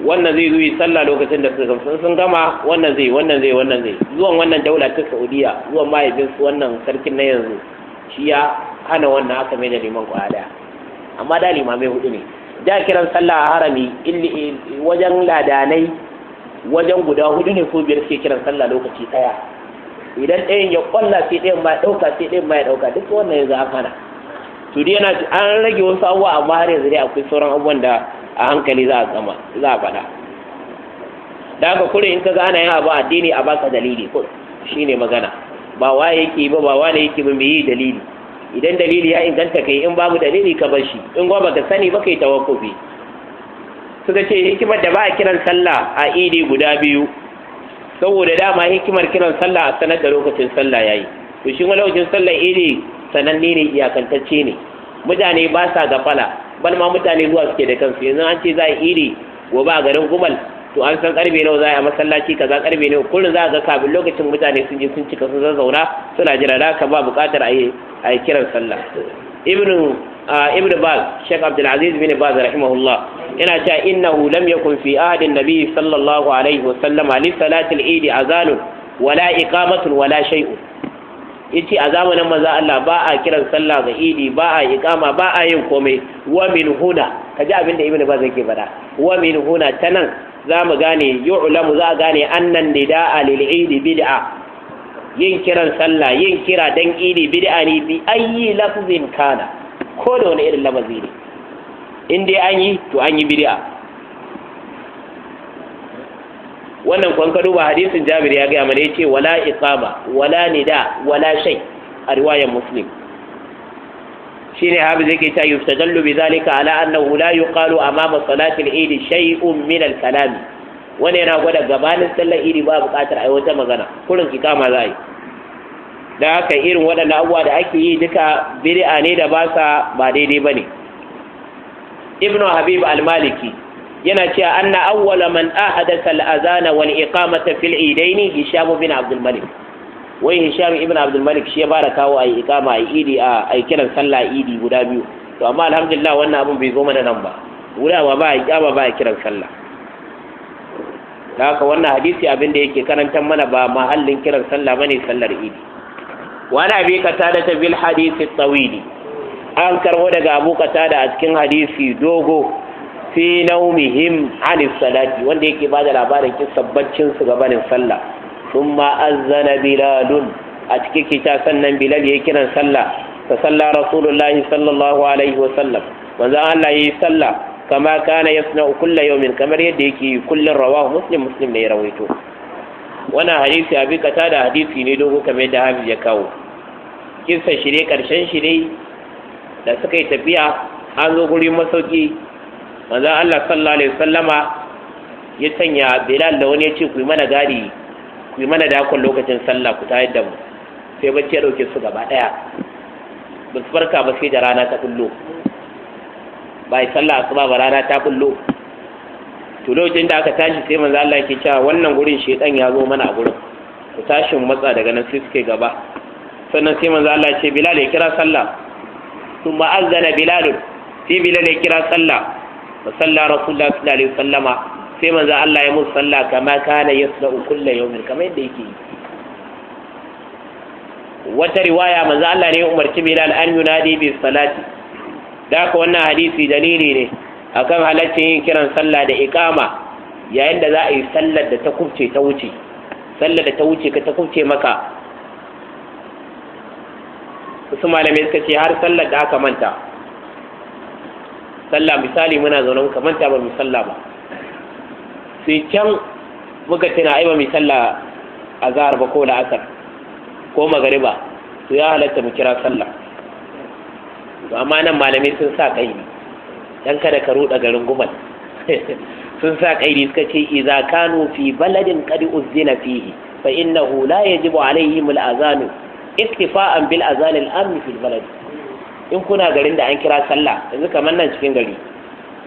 wannan zai zuwi sallah lokacin da suka gamsu sun gama wannan zai wannan zai wannan zai zuwan wannan daula ta saudiya zuwan su wannan sarkin na yanzu shi ya hana wannan aka mai da liman kwaya daya amma da limamai hudu ne da kiran sallah a harami eh, wajen ladanai wajen guda hudu ne ko biyar suke kiran sallah lokaci daya idan ɗayan ya kwalla sai ɗayan ma ya ɗauka sai ɗayan ma ya ɗauka duk wannan yanzu an hana to dai yana an rage wasu abubuwa amma har yanzu dai akwai sauran abubuwan da a hankali za a tsama za a faɗa da haka kure in ka gane yana ba addini a baka dalili ko shine magana ba waye yake ba ba wani yake ba yi dalili idan dalili ya inganta kai in babu dalili ka bar shi in ba baka sani ba kai tawakkufi suka ce hikimar da ba a kiran sallah a idi guda biyu saboda dama hikimar kiran sallah a sanar da lokacin sallah yayi to shi lokacin sallah idi sananne ne iyakantacce ne mutane ba sa gafala bal ma mutane zuwa suke da kansu yanzu an ce za a iri gobe a garin gumal to an san karfe nawa za a masallaci kaza karfe nawa kullum za a ga kafin lokacin mutane sun je sun cika sun zazzauna suna jira da ba buƙatar a yi a yi kiran sallah ibnu ibnu baz sheikh abdul bin baz rahimahullah yana cewa innahu lam yakun fi ahadin nabi sallallahu alaihi wa sallam li salati idi eid wala iqamatun wala shay'un yace a zamanin maza Allah ba a kiran sallah ga idi ba a iqama ba a yin komai wa min huna kaji abin da ibnu baz yake bada wa min huna tanan za mu gane yu'lamu za a gane annan nida'a lil idi bid'a yin kiran sallah yin kira dan idi bid'a ne bi ayi lafzin kana ko da wani irin lafazi ne in dai an yi to an yi bid'a wannan kwan ka duba hadisin Jabir ya gaya mana yace wala iqama wala nida wala shay a riwayar Muslim shine habi zai ke ta yustadallu bi zalika ala annahu la yuqalu amama salati al-eid shay'un min al-kalam wannan yana gwada gabanin sallar idi ba buƙatar ai wata magana kurin iqama za yi da haka irin waɗannan abubuwa da ake yi duka bid'a ne da ba sa ba daidai bane ibnu habib al-maliki yana cewa anna awwala man ahadasa al-azana wal iqamata fil idaini hisham bin Abdulmalik, malik wai hisham ibn Abdulmalik malik shi ya bara kawo ai iqama yi idi a ai kiran sallah idi guda biyu to amma alhamdulillah wannan abun bai zo mana nan ba wurawa ba iqama ba kiran sallah haka wannan hadisi abin da yake karantar mana ba mahallin kiran sallah bane sallar idi wani ka tada ta bil hadisi tsawili an karbo daga abu da a cikin hadisi dogo fi naumihim an salati wanda yake ba da labarin kisan baccin su gabanin sallah thumma azzana bilalun a cikin kita sannan bilal yayi kiran sallah fa salla rasulullah sallallahu alaihi wa sallam manzon Allah yayi sallah kama kana yasna'u kullu yawmin kamar yadda yake yi kullun rawahu muslim muslim ne ya rawaito wannan hadisi abi kata da hadisi ne dogo kamar da Hafiz ya kawo kissa shi ne karshen shi ne da suka yi tafiya an zo gurin masauki manzon Allah sallallahu alaihi wasallama ya sanya Bilal da wani ya ce ku yi mana gadi ku yi mana dakon lokacin sallah ku tayar da mu sai bacci ya dauke su gaba daya ba su farka ba sai da rana ta kullo yi sallah asuba ba rana ta kullo to lokacin da aka tashi sai manzo Allah ke cewa wannan gurin shedan ya zo mana a gurin ku tashi mu matsa daga nan sai suke gaba sannan sai manzo Allah ya ce Bilal ya kira sallah kuma azana Bilal sai Bilal ya kira sallah masalla salla sallallahu alaihi wasallama sai manzo Allah ya musu sallah kama kana yasna'u kullu yawmin kamar yadda yake yi wata riwaya manzo Allah ne ya umarci Bilal an yunadi bi salati da ka wannan hadisi dalili ne akan halaccin yin kiran sallah da iqama yayin da za a yi sallar da ta kubce ta wuce sallar da ta wuce ka ta kubce maka wasu malamai suka ce har sallar da aka manta sallah misali muna zaune muka manta ba mu sallah ba sai can muka tuna ai ba mu sallah azhar ba ko la'asar ko magariba to ya halatta mu kira sallah to amma nan malamai sun sa kai dan kada ka ruda garin gumal sun sa kairi suka ce idza kanu fi baladin qad uzzina fihi fa innahu la yajibu alaihim al-azanu ittifa'an bil azan al-amn fi balad in kuna garin da an kira sallah yanzu kamar nan cikin gari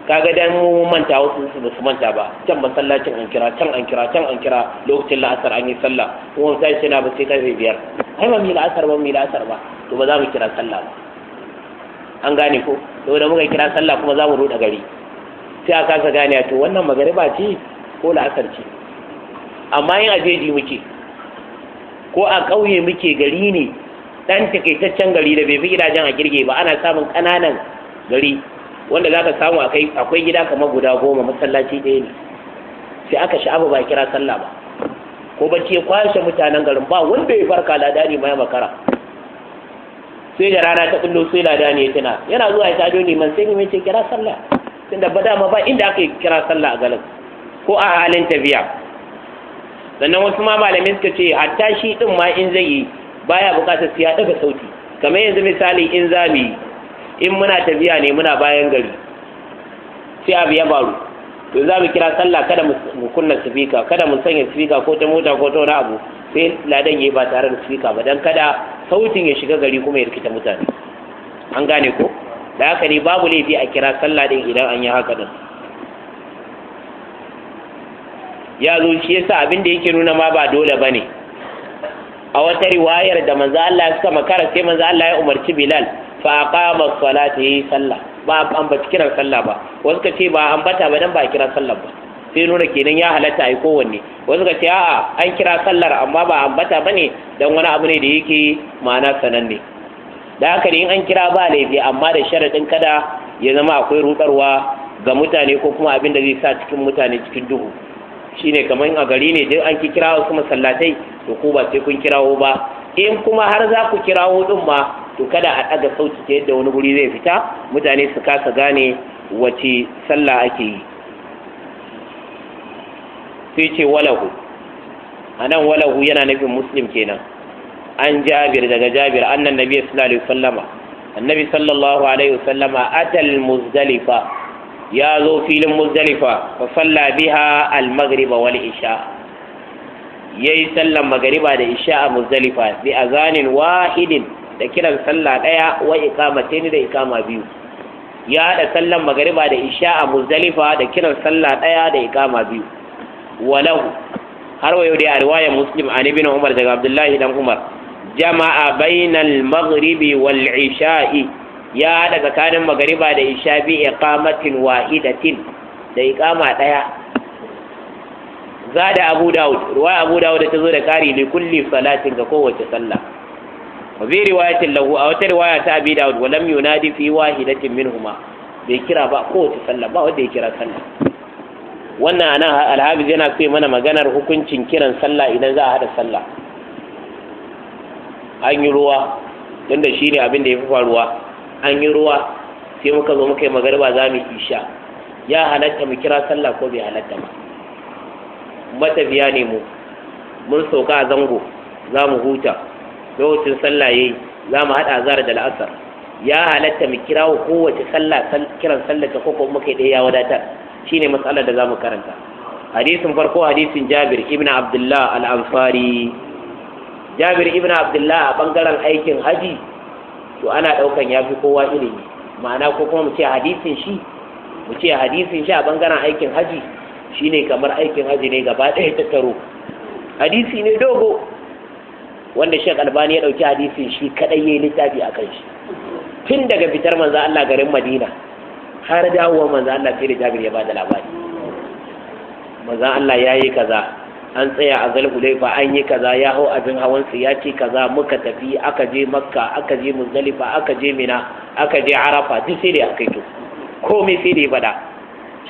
kaga dan mu manta wasu su ba su manta ba can sallacin an kira can an kira can an kira lokacin la'asar an yi sallah kuma ta ce na ba sai karfe biyar ai ba mu yi la'asar ba mu yi la'asar ba to ba za mu kira sallah ba an gane ko da muka kira sallah kuma za mu ruɗa gari sai a kasa gane to wannan magariba ce ko la'asar ce amma yin ajeji muke ko a ƙauye muke gari ne dan takaitaccen gari da bai fi gidajen a girge ba ana samun ƙananan gari wanda za ka samu akwai gida kamar guda goma masallaci ɗaya ne sai aka sha'aba ba kira sallah ba ko bacci ya kwashe mutanen garin ba wanda ya farka ladani ma ya makara sai da rana ta kullo sai ladani ya tuna yana zuwa ya tado neman sai ne ce kira sallah tunda ba dama ba inda aka kira sallah a garin ko a halin tafiya sannan wasu ma malamai suka ce hatta shi ɗin ma in zai yi baya bukatar sai ya daga sauti kamar yanzu misali in za mu in muna tafiya ne muna bayan gari sai abu ya faru to za mu kira sallah kada mu kunna sifika kada mu sanya sifika ko ta mota ko ta wani abu sai ladan yayi ba tare da sifika ba dan kada sautin ya shiga gari kuma ya rikita mutane an gane ko da haka ne babu laifi a kira sallah din idan an yi haka din ya zo shi yasa abin da yake nuna ma ba dole bane a wata riwayar da manzo Allah ya suka makara sai manzo Allah ya umarci Bilal fa aqama salati yi sallah ba an ba kiran sallah ba wasu ka ce ba an bata ba dan ba kira sallah ba sai nuna kenan ya halatta ai kowanne wasu ka ce a'a an kira sallar amma ba an bata bane dan wani abu ne da yake ma'ana sananne da haka ne in an kira ba laifi amma da sharadin kada ya zama akwai rudarwa ga mutane ko kuma abin da zai sa cikin mutane cikin duhu shine kamar a gari ne duk an kira wasu masallatai to ku ba sai kun kirawo ba in kuma har za ku kirawo din ma to kada a ɗaga sauti ta yadda wani guri zai fita mutane su kasa gane wace sallah ake yi sai ce walahu a nan walahu yana nufin muslim kenan an jabir daga jabir annan nabi sallallahu alaihi wasallama annabi sallallahu alaihi wasallama atal muzdalifa ya zo filin muzdalifa fa salla biha al maghrib wal isha yayi sallan magariba da isha a muzdalifa bi azanin wahidin da kiran sallah daya wa iqamatain da ikama biyu ya haɗa sallan magariba da isha a muzdalifa da kiran sallah ɗaya da ikama biyu Walau, har wa yau dai a riwayar muslim an ibn umar daga abdullahi dan umar jama'a bainal maghribi wal isha'i ya haɗa tsakanin magariba da isha bi iqamatin wahidatin da ikama ɗaya. zada abu daud ruwaya abu daud ta zo da kari li kulli salatin ga kowace sallah wa bi riwayatin lahu a wata riwaya ta abi daud wa lam yunadi fi wahidatin huma bai kira ba kowace sallah ba wanda ya kira sallah wannan ana alhabiz yana kai mana maganar hukuncin kiran sallah idan za a hada sallah an yi ruwa don da shi ne abin da ya fi faruwa an yi ruwa sai muka zo muka yi magariba za mu isha ya halatta mu kira sallah ko bai halatta ba matafiya ne mu mun sauka a zango za mu huta lokacin sallah yi za mu haɗa azhar da la'asar ya halatta mu kirawo kowace sallah kiran sallah ta koko muka yi ya wadatar shine matsalar da za mu karanta hadisin farko hadisin Jabir ibn Abdullah al-Ansari Jabir ibn Abdullah a bangaren aikin haji to ana ɗaukan ya fi kowa ilimi ma'ana ko kuma mu ce hadisin shi mu ce hadisin shi a bangaren aikin haji shine kamar aikin haji ne gaba ɗaya ta taro hadisi ne dogo wanda shek albani ya ɗauki hadisin shi kaɗai ya yi littafi a kan shi tun daga fitar manzo Allah garin Madina har dawowa manzo Allah sai da Jabir ya bada labari manzo Allah ya yi kaza an tsaya a zalhulaifa an yi kaza ya hau abin hawansu ya ce kaza muka tafi aka je makka aka je muzdalifa aka je mina aka je arafa duk sai da ya kai to komai sai da ya faɗa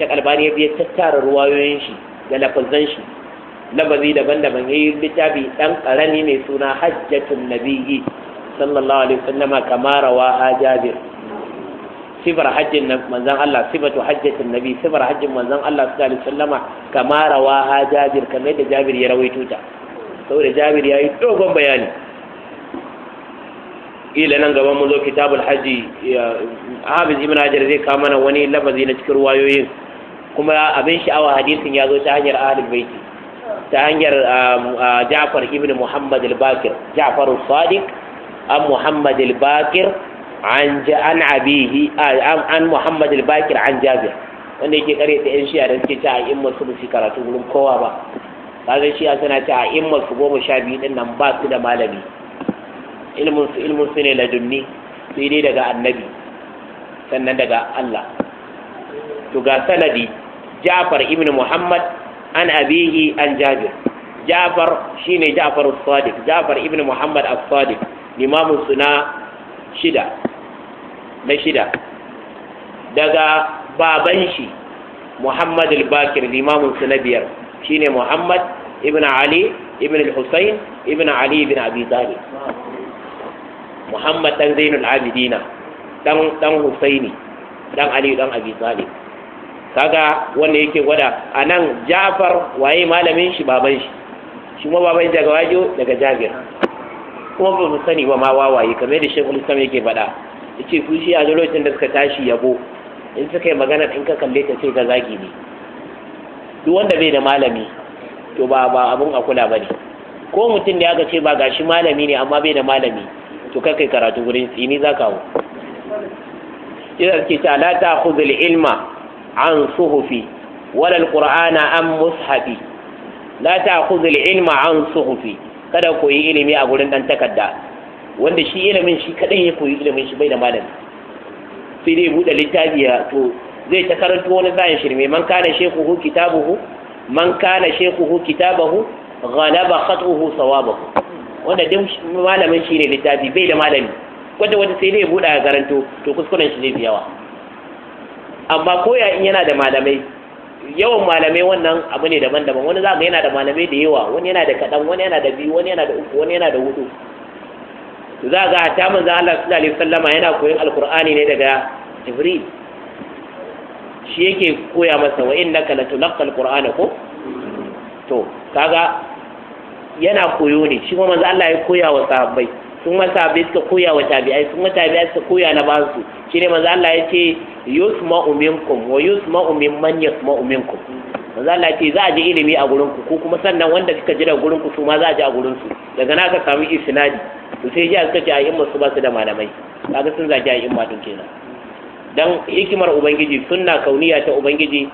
shek albani ya biya tattara ruwayoyin shi da lafazan shi lafazi daban-daban ya yi littafi ɗan ƙarami mai suna hajjatun nabiyyi sallallahu alaihi wasallama kama rawa a jabir sifar hajjin manzon Allah sifatu hajjatin nabi sifar hajjin manzon Allah sallallahu alaihi wasallama kama rawa a jabir kamar yadda jabir ya rawaito ta saboda jabir ya yi dogon bayani ila nan gaban mun zo kitabul haji hafiz ibn hajar zai kawo mana wani lafazi na cikin ruwayoyin kuma abin sha'awa hadisin ya zo ta hanyar ahlul baiti ta hanyar um, uh, Ja'far ibn Muhammad al-Bakir Ja'far al-Sadiq an Muhammad al-Bakir an an abihi an Muhammad al-Bakir an Jabir wanda yake kare ta yan shi'a da suke ta in masu su karatu gurin kowa ba kaga shi'a suna ta in masu goma sha biyu din nan ba su da malami ilmin su ilmin su ne ladunni sai dai daga annabi sannan daga Allah to ga sanadi ja'far ibn muhammad an abihi an jabir ja'far shine ja'far as-sadiq ja'far ibn muhammad as-sadiq limamin na shida daga baban shi muhammad al-bakir limamin suna biyar shine muhammad ibn ali ibn al-husayn ibn ali ibn abi muhammad dan zainul abidina dan husaini dan dan kaga wanda yake gwada a nan jafar waye malamin shi baban shi shi kuma baban daga wajo daga jabir kuma ba mu sani ba ma wawaye kamar da shekul islam yake faɗa ya ce su shi a lokacin da suka tashi yabo in suka yi magana in ka kalle ta ce ka zagi ne duk wanda bai da malami to ba ba abun a kula ba ne ko mutum da aka ce ba gashi malami ne amma bai da malami to kai kai karatu gurin tsini za ka hau ina suke ta la ta khudhul ilma an suhufi wala alqur'ana an mushafi la ta'khudhu al-ilma an suhufi kada yi ilimi a gurin dan takarda wanda shi ilimin shi kadan ya koyi ilimin shi bai da malami sai dai bude littafi to zai ta karanto wani zai shirme man kana shekuhu kitabuhu man kana shekuhu kitabahu ghalaba khatuhu sawabahu wanda duk malamin shi ne littafi bai da malami kwata wata sai dai bude ya karanto to kuskuren shi zai fi yawa amma koya in yana da malamai yawan malamai wannan abu ne daban-daban wani za yana da malamai da yawa wani yana da kaɗan wani yana da biyu wani yana da uku wani yana da hudu to za ga ta manzo Allah sallallahu alaihi wasallama yana koyon alqur'ani ne daga jibril shi yake koya masa wa innaka latulqal alqur'ana ko to kaga yana koyo ne shi kuma manzo Allah ya koya wa sahabbai sun ma sahabbai suka koya wa tabi'ai sun ma tabi'ai suka koya na ba su shine manzo Allah ya ce yusma'u minkum wa yusma'u mimman yasma'u minkum manzo Allah ya ce za a ji ilimi a gurin ku ko kuma sannan wanda suka ji da gurin ku su ma za a ji a gurin su daga na ka samu isnadi to sai ji suka ce a imma su ba su da malamai kaga sun zaki a imma din kenan dan hikimar ubangiji sunna kauniya ta ubangiji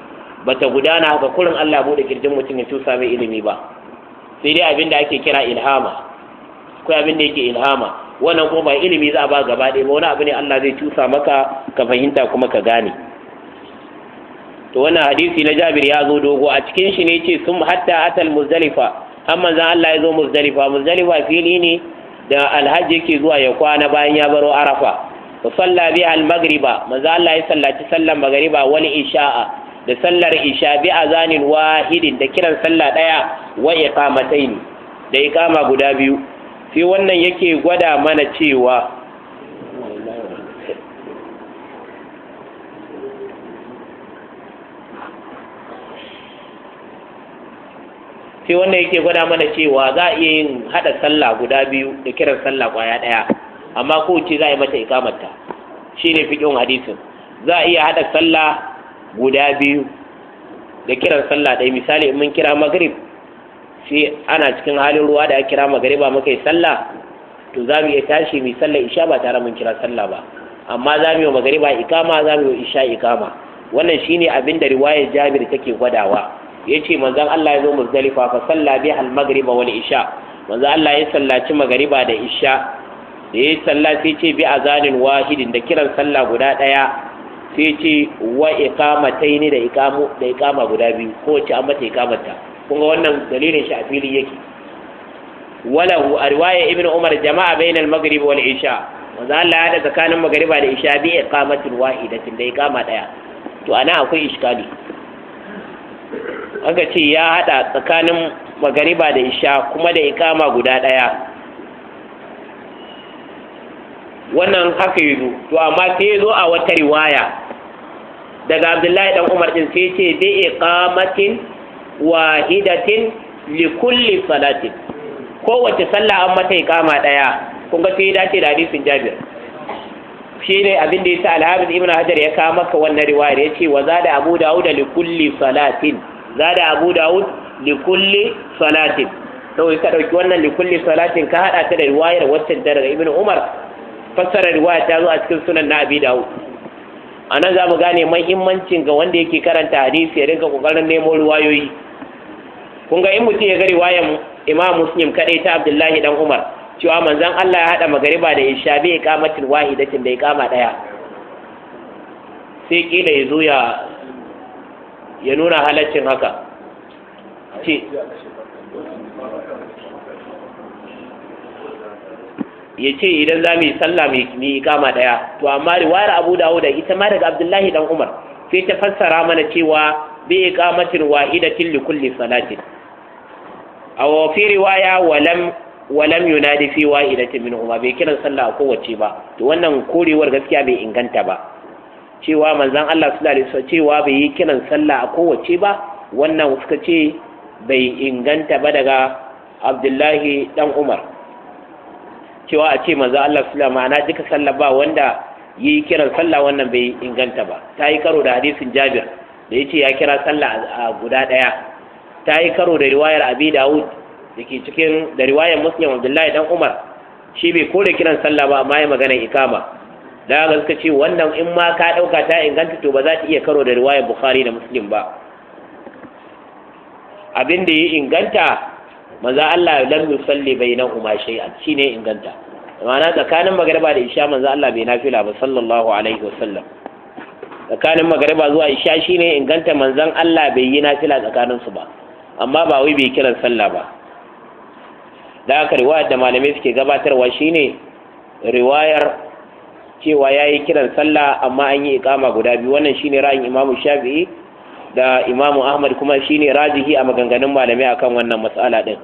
bata gudana ga kurin Allah bude kirjin mutum ya tusa mai ilimi ba sai dai abinda ake kira ilhama akwai abin da yake ilhama wannan kuma ba ilimi za a ba gaba ɗaya ba wani abu ne Allah zai cusa maka ka fahimta kuma ka gane to wannan hadisi na Jabir ya zo dogo a cikin shi ne ce sun hatta atal muzdalifa amma zan Allah ya zo muzdalifa muzdalifa fili ne da alhaji yake zuwa ya kwana bayan ya baro arafa wa salla bi al magriba manzo Allah ya sallaci sallan magriba wal isha'a da sallar isha bi azanin wahidin da kiran sallah daya wa iqamataini da iqama guda biyu sai wannan yake gwada mana cewa sai wannan yake gwada mana cewa za a iya yin haɗa sallah guda biyu da kiran sallah kwaya ɗaya amma kowace za a yi mata shi shine fiƙin hadisin za a iya haɗa sallah guda biyu da kiran sallah ɗaya misali in mun kira magrib sai ana cikin halin ruwa da kira magariba muka yi sallah to za mu iya tashi mu sallah isha ba tare mun kira sallah ba amma za mu yi magariba ikama za mu yi isha ikama wannan shine abin da riwayar Jabir take gwadawa Ya yace manzan Allah ya zo Muzdalifa fa salla bi al magriba wal isha manzan Allah ya sallaci magariba da isha da yi sallah sai ce bi azanin wahidin da kiran sallah guda daya sai ce wa iqamataini da iqamu da iqama guda biyu ko ce an mata iqamata Kunga wannan dalilin shi a fili yake walahu a riwaya ibn umar jama'a bainal maghrib wal isha manzo Allah ya da tsakanin maghriba da isha bi iqamatul wahidatin da iqama daya to ana akwai iskali aka ce ya hada tsakanin maghriba da isha kuma da iqama guda ɗaya wannan haka yi to amma sai zo a wata riwaya daga abdullahi dan umar din sai ce bi iqamatin wahidatin li salatin kowace sallah an mata kama daya kun ga sai dace da hadisin Jabir shine abin da yasa al-Hafiz Ibn Hajar ya kawo maka wannan riwayar ce wa zada Abu Dawud li kulli salatin zada Abu Dawud li kulli salatin to ka dauki wannan li salatin ka hada ta da riwayar wacce daga Ibn Umar fassara riwaya ta zo a cikin sunan na Abi Dawud anan za mu gane muhimmancin ga wanda yake karanta hadisi ya rinka kokarin nemo riwayoyi kun ga in mutum ya ga riwayan imam muslim kadai ta abdullahi dan umar cewa manzon Allah ya hada magariba da isha bi iqamatil wahidatin da kama daya sai kila ya zo ya ya nuna halaccin haka ce ya ce idan za mu yi sallah mu yi kama daya to amma riwayar abu dawo da ita ma daga abdullahi dan umar sai ta fassara mana cewa bi iqamatin wahidatin li kulli salatin aw fi riwaya walam walam yunadi fi min minhuma bai kiran sallah a kowace ba to wannan korewar gaskiya bai inganta ba cewa manzon Allah sallallahu alaihi wasallam cewa bai yi kiran sallah a kowace ba wannan suka ce bai inganta ba daga Abdullahi dan Umar cewa a ce manzon Allah sallallahu alaihi wasallam duka sallah ba wanda yi kiran sallah wannan bai inganta ba ta yi karo da hadisin Jabir da yace ya kira sallah a guda daya ta yi karo da riwayar abi dawud da ke cikin da riwayar muslim abdullahi dan umar shi bai kore kiran sallah ba amma ya magana ikama da haka suka ce wannan in ma ka dauka ta inganta to ba za ta iya karo da riwayar bukhari da muslim ba abin da ya inganta manzo Allah lam yusalli bainahuma shay'an shine inganta ma'ana tsakanin magariba da isha manzo Allah bai nafila ba sallallahu alaihi wasallam tsakanin magariba zuwa isha shine inganta manzon Allah bai yi nafila tsakanin su ba amma ba wai bai kiran sallah ba da aka riwayar da malamai suke gabatarwa shine riwayar cewa ya yi kiran sallah amma an yi ikama guda biyu wannan shine ra'ayin imamu shafi'i da imamu ahmad kuma shine rajihi a maganganun malamai akan wannan matsala din